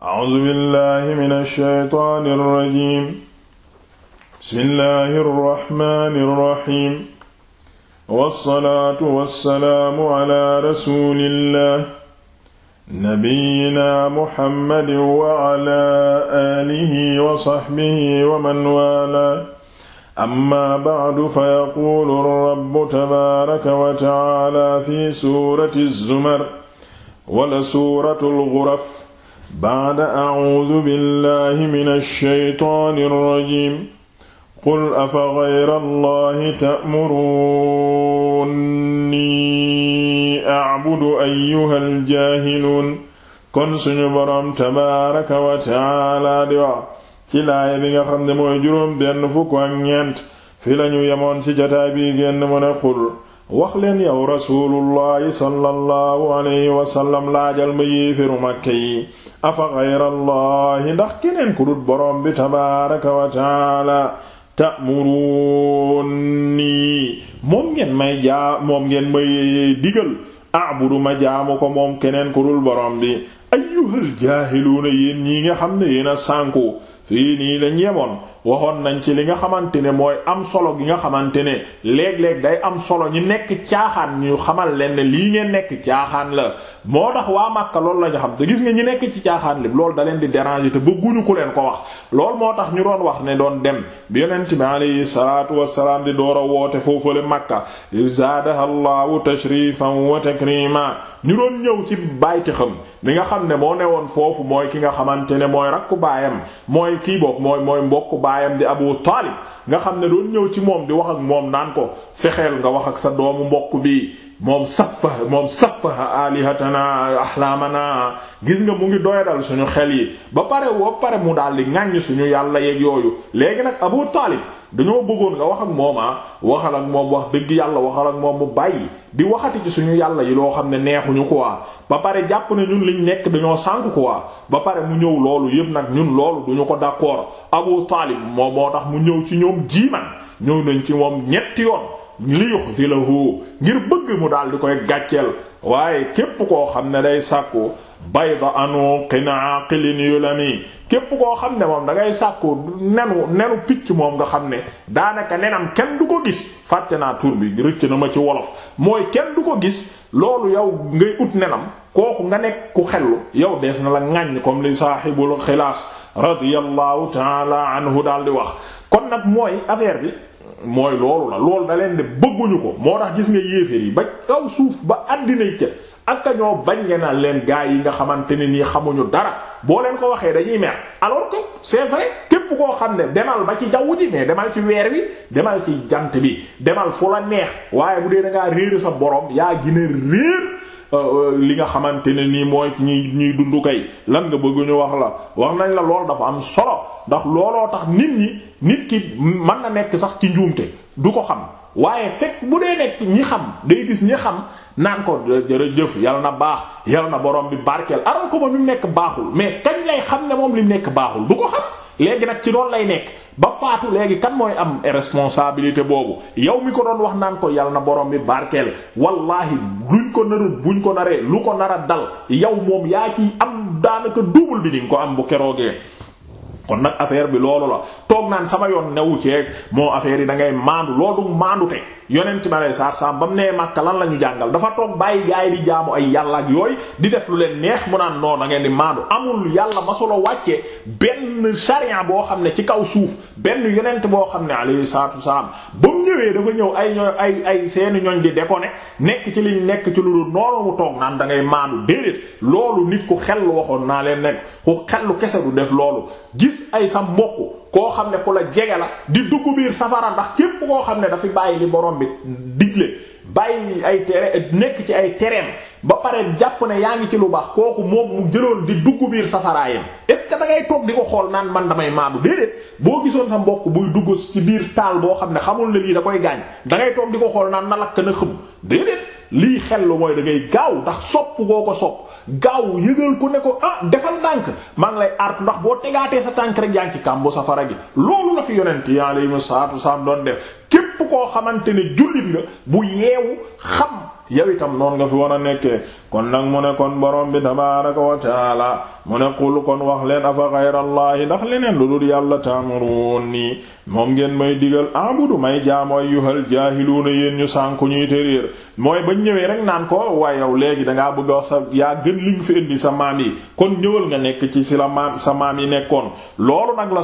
A'uuzu billaahi mina shaytaani rajiim. Bismillaahi rahmaani rahiim. Wassalaatu wassalaamu alaa rasuulillaah. Nabiyyinaa Muhammadin wa alaa aalihi wa sahbihi wa man waalaa. Ammaa ba'du fayaquulu rabbu tabaaraka wa ta'aalaa fi suurati zumar wala suuratul ghuraf. baada acuudu billahi min alsheytaani alrajim qul afa gayra allahi ta'muruunii acbudu ayyuha aljaahiluun kon suñu boroom tabaaraka wa tacaala di wax ci laaya bi nga xam ne mooy juróom benn fukk ak ñeent fi lañu yemoon ci jataay bi génn mu ne qul wax leen yow rasulullahi sallallahu alayhi wasallam laajal ma yéeféru màkke yi afa gayrallahi ndax keneen ku dut boroom bi tabaaraka wa taala ta'muruni moom ngeen may jaa moom ngeen may digal a'budu ma jaamu ko moom keneen ku dul borom bi ayyuhal jaahiluuna yéen ñii nga xam ne yéen a sànku fii nii lañ yemoon waxoon nañ ci li nga xamante ne mooy am solo gi nga xamante ne léeg-léeg day am solo ñu nekk caaxaan ñu xamal leen ne lii ngeen nekk caaxaan la moo tax waa Makka loolu la ñu xam te gis nga ñu nekk ci caaxaan li loolu da leen di déranger te bëgguñu ku leen ko wax lool moo tax ñu doon wax ne doon dem bi yonent bi alayhi salaatu wassalaam di door a woote leen Makka zaadaha Allahu tashrifan wa takrima ñu doon ñëw ci bayti xam mi nga xam ne moo woon foofu mooy ki nga xamante ne mooy rakku baayam mooy kii bokk mooy mooy mbokku baayam di Abu Taalib nga xam ne doon ñëw ci moom di wax ak moom naan ko fexeel nga wax ak sa doomu mbokk bi moom saffa moom saffaha alihatana axlaamana gis nga mu ngi doyadal suñu xel yi ba pare ba pare mu daal di ŋàññ suñu yàlla yeeg yooyu léegi nag Abu Taalib dañoo bëggoon nga wax ak moom ah waxal ak moom dëgg yàlla waxal ak moom mu bàyyi di waxati ci suñu yàlla yi loo xam ne neexuñu quoi ba pare jàpp na ñun liñ nekk dañoo sànk quoi ba pare mu ñëw loolu yëpp nag ñun loolu duñu ko d'accord Abu Taalib moom moo tax mu ñëw ci ñoom jiiman ñëw nañ ci moom ñetti yoon li yuxzilahu ngir bëgg mu daal di koy gàcceel waaye képp koo xam ne day sàkku bayda anu qinaa qilin yu la mi képp koo xam ne moom da ngay sàkku nenu nenu picc moom nga xam ne daanaka nenam kenn du ko gis fàtte naa tur bi rëcc na ma ci wolof mooy kenn du ko gis loolu yow ngay ut nenam kooku nga nekk ku xellu yow dees na la ŋàññ comme li saahibul xilaas radiyallahu taala anhu daal di wax kon nag mooy affaire bi mooy loolu la loolu da leen de bëgguñu ko moo tax gis nga yéeféer yi ba kaw suuf ba àddinay kër ak ka ñoo bañ ngeen a leen gaa yi nga xamante ne nii xamuñu dara boo leen ko waxee dañuy mer alors que c'est képp koo xam ne demal ba ci jaww ji mais demal ci weer wi demal ci jant bi demal fu la neex waaye bu dee da réer sa borom yaa gën a réer Euh, li nga xamante ne nii mooy ñuy ñuy dund kay lan nga bëgg ñu wax la wax nañ la lool dafa am solo ndax looloo tax nit ñi nit ki mën na nekk sax ci njuumte du ko xam waaye fekk bu dee nekk ñi xam day gis ñi xam naan ko jëf yal na baax yal na borom bi barkeel aral ko ba ñu nekk baaxul mais kañ lay xam ne moom li nekk baaxul du ko xam. léegi nag ci loolu lay nekk ba faatu léegi kan mooy am responsabilité boobu yow mi ko doon wax naan ko yal na borom bi barkeel wallaahi luñ ko narut buñ ko naree lu ko nar a dal yow moom yaa ciy am daanaka double bi di nga ko am bu keroogee kon nag affaire bi loolu la toog naan sama yoon newu ceeg moo affaire yi dangay ngay maandu loolu du maandu te yonent ma lay saar saam ba mu nee Makka lan la ñu jàngal dafa toog bàyyi gaay di jaamu ay yàllaa yooy di def lu leen neex mu naan noonu da ngeen di maandu amul yàlla masula wàcce benn sharia boo xam ne ci kaw suuf benn yonent boo xam ne alayhi saatu wasalaam ba mu ñëwee dafa ñëw ay ñooy ay ay seeni ñoñ di déconné nekk ci liñ nekk ci lu dul noonu mu toog naan da loolu nit ku xel waxoon naa leen nekk ku kese du def loolu ay sa mbokk koo xam ne ku la jege la di dugg biir safara ndax képp koo xam ne dafi bàyyi li borom bi digle bàyyi ay tere nekk ci ay tereem ba pare jàpp ne yaa ngi ci lu baax kooku moom mu jëloon di dugg biir safaraayam est-ce que da ngay toog di ko xool naan man damay maandu déedéet boo gisoon sa mbokk buy dugg ci biir taal boo xam ne xamul ne lii da koy gaañ dangay toog di ko xool naan na lakk na xëm déedéet lii xellu mooy da ngay gaaw ndax sopp koo ko sopp gaaw yëgal ko ne ko ah defal ndànk maa ngi lay artu ndax boo tegaatee sa tànk rek yaa ngi ci kàmbu safara gi loolu la fi yonent yi alayhi salaatu wa salaam doon def képp koo xamante ne jullit nga bu yeewu xam yow itam noonu nga fi war a nekkee kon nag mu ne kon borom bi tabaaraka wa taala mu ne qul kon wax leen afa xayrallaahi ndax leneen lu dul yàlla taamuruun nii moom ngeen may digal abudu may jaamu ayyuhal jaahiluuna yéen ñu sànku ñuy tëréer mooy ba ñëwee rek naan ko waaye yow léegi dangaa bëgg wax sa yaa gën li nga fi indi sa maam yi kon ñëwal nga nekk ci si la maam sa maam yi nekkoon loolu nag la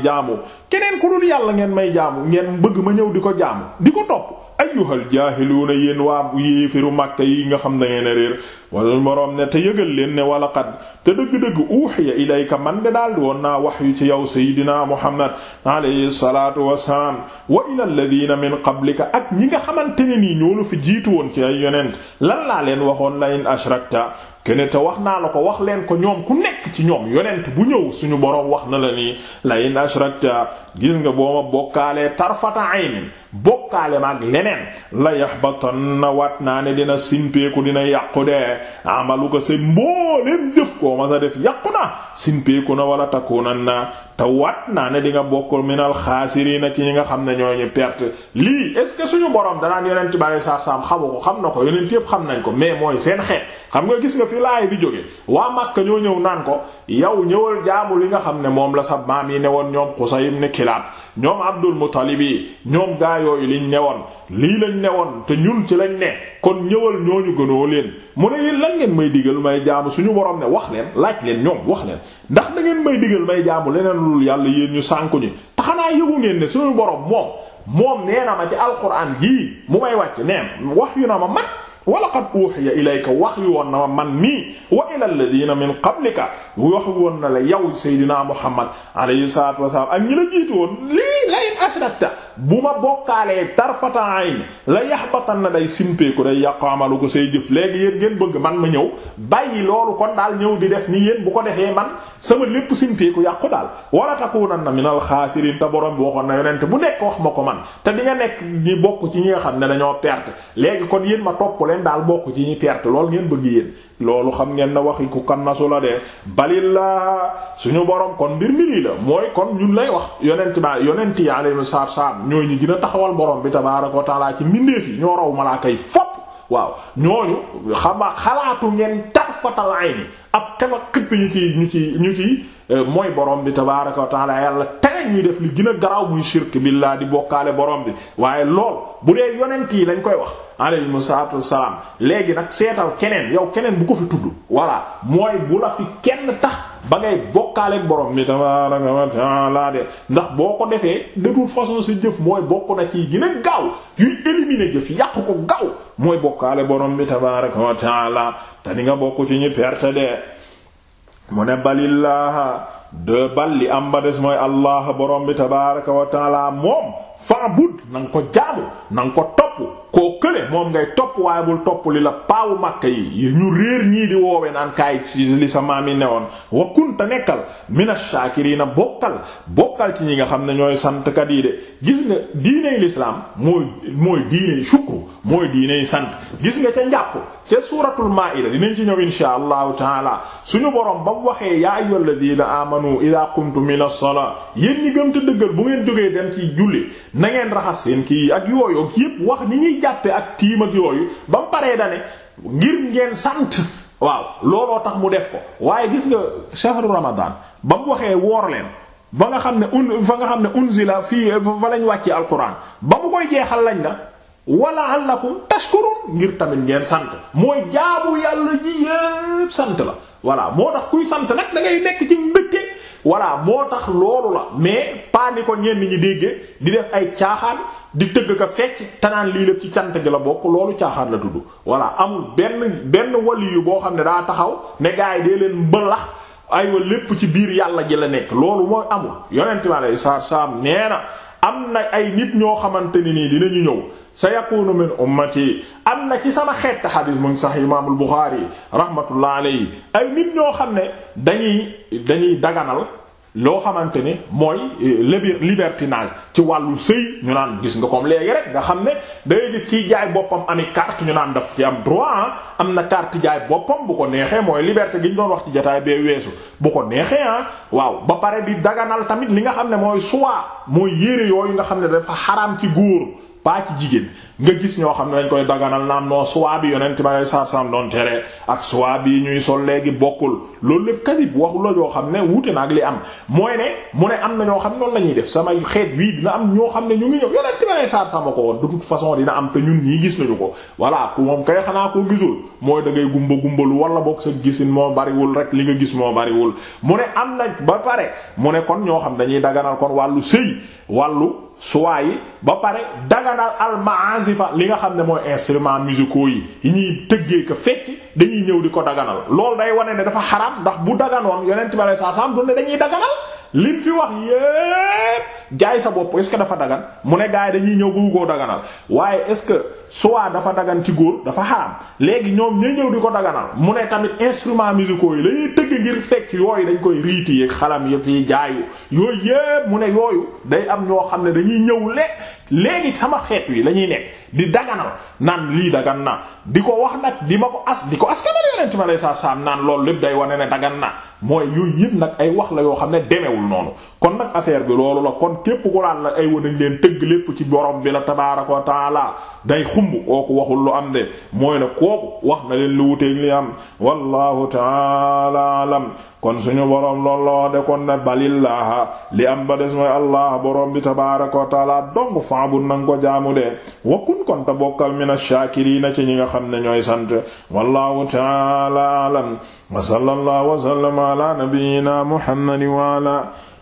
di jaamu keneen ku dul yàlla ngeen may jaamu ngeen bëgg ma ñëw di ko jaamu di ko topp ayyuhal jaahiluuna yéen waa yéefiru màkka yi nga xam da ngeen a réer wala moroom ne te yëgal leen ne wala xad te dëgg-dëgg uuhiya ilayka man de daal di woon naa wax yu ci yow sayidina muhammad alayhi salaatu wasalaam wa ila alladina min qablika ak ñi nga xamante ne nii ñoo fi jiitu woon ci ay lan laa leen waxoon la in ashrakta kene te wax naa la ko wax leen ko ñoom ku nekk ci ñoom yonent bu ñëw suñu boroom wax na la nii la in ashrakta gis nga boo ma bokkaalee tarfata aynin bokkaale maag leneen la na wat naa ne dina simpeeku dina yàqu de amalu ko seen mbooleem jëf koo ma sa def yàqu na simpeeku na wala takunan na te wat naa ne di nga bokk minal xaasiriina ci ñi nga xam ne ñoo ñu perte lii est ce que suñu borom danaan yonent bari saa saam xamu ko xam na ko yonent yépp xam nañ ko mais mooy seen xeet xam nga gis nga fi laay bi jóge waa Makka ñoo ñëw naan ko yow ñëwal jaamu li nga xam ne moom la sa maam yi newoon ñoom Qusay ibn Kilaab ñoom Abdul Muttalib yi ñoom gaa yooyu liñ newoon lii lañ newoon te ñun ci lañ ne kon ñëwal ñooñu gënoo leen mu ne yéen lan ngeen may digal may jaamu suñu borom ne wax leen laaj leen ñoom wax leen ndax da ngeen may digal may jaamu leneen lul yàlla yéen ñu sànku ñi taxanaa yëgu ngeen ne suñu borom moom moom nee na ma ci alquran yii mu may wàcc neen wax yu na ma mat walaqad uhiya ilayka wax yu woon na ma man mii wa ila alladina min qablika wax yu woon na la yow Seydina Muhammad alayhi salaatu wasalaam ak ñi la jiitu woon lii layin ashrakta bu ma bokkaalee tarfata ayn la yaxbatan na day simpeeku day yàqu amalu ko say jëf léegi yéen ngeen bëgg man ma ñëw bàyyi loolu kon daal ñëw bi def ni yéen bu ko defee man sama lépp simpeeku yàqu daal wala takuunanna minal xaasiriin te borom bi waxoon na yonent bu nekk wax ma ko man te di nga nekk ñi bokk ci ñi nga xam ne dañoo perte léegi kon yéen ma topp leen daal bokk ci ñi perte loolu ngeen bëgg yéen loolu xam ngeen na waxi ku kannasu la de balillaa suñu borom kon mbir mi la mooy kon ñun lay wax yonent ba yonent yi alayhimu salaatu salaam ñooy ñi gën taxawal borom bi tabaaraka wa taala ci mbindeef yi ñoo raw malaaka yi fopp waaw ñooñu xama xalaatu ngeen tarfatal ayni ab kama xippi ñu ci ñu ci ñu ci euh, mooy borom bi tabaaraka wa taala yàlla ñeneen ñuy def li gën a garaaw muy shirk billah di bokkaale borom bi waaye lool bu dee yonent yi lañ koy wax alayhi salaatu wassalaam léegi nag seetal keneen yow keneen bu ko fi tudd voilà mooy bu la fi kenn tax ba ngay borom bi tabaaraka wa ta'aala ndax boo ko defee de toute façon sa bokk na ci gën a gaaw yuy éliminer jëf yàq ko gaaw mooy bokkaale borom bi tabaaraka wa ta'aala te di nga bokk ci ñi perte de mu ne balillaaha de bal li am ba des mooy allah borom bi tabaaraka wa moom fa'bud na nga ko jaamu na ko topp koo kële moom ngay topp waaye bul topp li la paawu makka yi ñu réer ñii di woowe naan ci li sa maam ne woon wa kunta nekkal mina shaakiriina bokkal bokkal ci ñi nga xam ne ñooy santkat yi de gis nga diiney lislaam mooy mooy diiney shukru mooy diiney sant gis nga ca njàpp ca suuratul maa'ida dinañ ci ñëw inshaa allahu taala suñu borom ba mu waxee yaa ayyuhal ladiina amanu idaa qumtum ila salaa yéen ñi gëm te dëggal bu dem ci julli na ngeen raxas seen kii ak yooyu ak yépp wax ni ñuy jàppe ak tiim ak yooyu ba mu paree dane ngir ngeen sant waaw looloo tax mu def ko waaye gis nga shahru ramadan ba mu waxee woor leen ba nga xam ne un fa nga xam ne unzila fii fa lañ wàcce alquran ba mu koy jeexal lañ na wala ko tashkurun ngir tamit ngeen sant mooy jaabu yàlla ji yépp sant la voilà moo tax kuy sant nag da ngay nekk ci mbëkke voilà moo tax loolu la mais pas ni ko ñenn ñi déggee di def ay caaxaan di tëgg ka fecc tanaan lii lépp ci cant gi la bokk loolu caaxaan la tudd voilà amul benn benn waliyu boo xam ne daa taxaw ne gaa yi dee leen mbalax aywa lépp ci biir yàlla ji la nekk loolu mooy amul yonent bi alayhi salaatu salaam nee na am na ay nit ñoo xamante ne nii dinañu ñëw sa yakunu min ummati am na ci sama xeet xadis mu ngi sax imaamul Buxaari rahmatullah alayhi ay nit ñoo xam ne dañuy dañuy daganal loo xamante ne mooy eh, libertinage ci wàllu sëy ñu naan gis nga comme léegi rek nga xam ne dangay gis kiy jaay boppam ami carte ñu naan daf ci am droit ah. am na carte jaay boppam bu ko neexee mooy liberté gi ñu doon wax ci jotaay bee weesu bu ko neexee ah waaw ba pare bi daganal tamit li nga xam ne mooy soit mooy yére yooyu nga xam ne dafa xaraam ci góor baa ci jigéen nga gis ñoo xam ne dañ koy daganal naam noo suwaa bi yonent ba ngay sarsam doon tere ak suwaa bi ñuy sol léegi bokkul loolu lépp kadib wax la yoo xam ne wuute na ak li am mooy ne mu ne am na ñoo xam ne noonu la ñuy def sama xeet wii dina am ñoo xam ne ñu ngi ñëw yonent ko woon de façon dina am te gis nañu ko voilà ku moom kay xanaa koo gisul mooy da ngay gumba gumbalu wala bokk sa gisin moo bariwul rek li nga gis moo bariwul mu ne am na ba pare mu ne kon ñoo xam dañuy daganal kon wàllu sëy wàllu suwaa yi ba pare daganal al asifa li nga xam ne mooy instruments musicaux yi yi ñuy tëggee ko fekk dañuy ñëw di ko daganal loolu day wane ne dafa xaram ndax bu daganoon yonent bi alei saa salaam du ne dañuy daganal lim fi wax yépp jaay sa bopp est-ce que dafa dagan mu ne gars dañuy ñëw bëgg koo daganal waaye est-ce que soit dafa dagan ci góor dafa xaram léegi ñoom ñay ñëw di ko daganal mu ne tamit instruments musicaux yi lañuy tëgg ngir fekk yooyu dañ koy riiti yeeg xalam yëpp yi jaayu yooyu yépp mu ne yooyu day am ñoo xam ne dañuy ñëw le léegi sama xeet wi la ñuy nekk di daganal naan lii dagan na di ko wax nag di ma ko as di ko as askanal yonent mi saa saa naan loolu lépp day wane ne dagan na mooy yuy yëpp nag ay wax la yoo xam ne demewul noonu kon nag affaire bi loolu la kon képp ko daan la ay lépp ci borom bi la tabaaraka wa taala day xumb kooku waxul lu am de mooy ne kooku wax na leen lu wuteeg li am wallahu taala alam kon suñu borom looloo de kon ne balillaaha ba des mooy allah borom bi tabaaraka wa taala dong faabun nanga ko jaamu de wakkun kon te bokkal mina shaakiriina ci ñi nga xam ne ñooy sant wallahu taala alam wa sallallahu wa sallama ala nabiyyina muhammadin wa ala